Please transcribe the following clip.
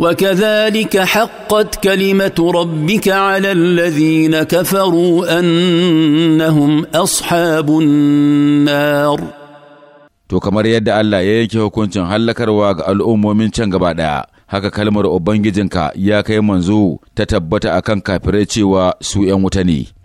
وكذلك حقت كلمه ربك على الذين كفروا انهم اصحاب النار to kamar yadda Allah ya yanke hukuncin hallakarwa ga al'ummomin can gaba ɗaya haka kalmar ubangijinka ya kai manzo ta tabbata akan kafirai cewa su ‘yan wuta ne